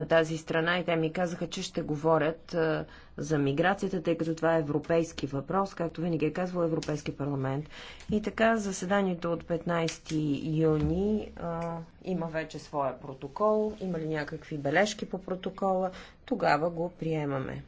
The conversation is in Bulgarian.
на тази страна и те ми казаха, че ще говорят за миграцията, тъй като това е европейски въпрос, както винаги е казвал Европейски парламент. И така, заседанието от 15 юни а, има вече своя протокол. Има ли някакви бележки по протокола? Тогава го приемаме.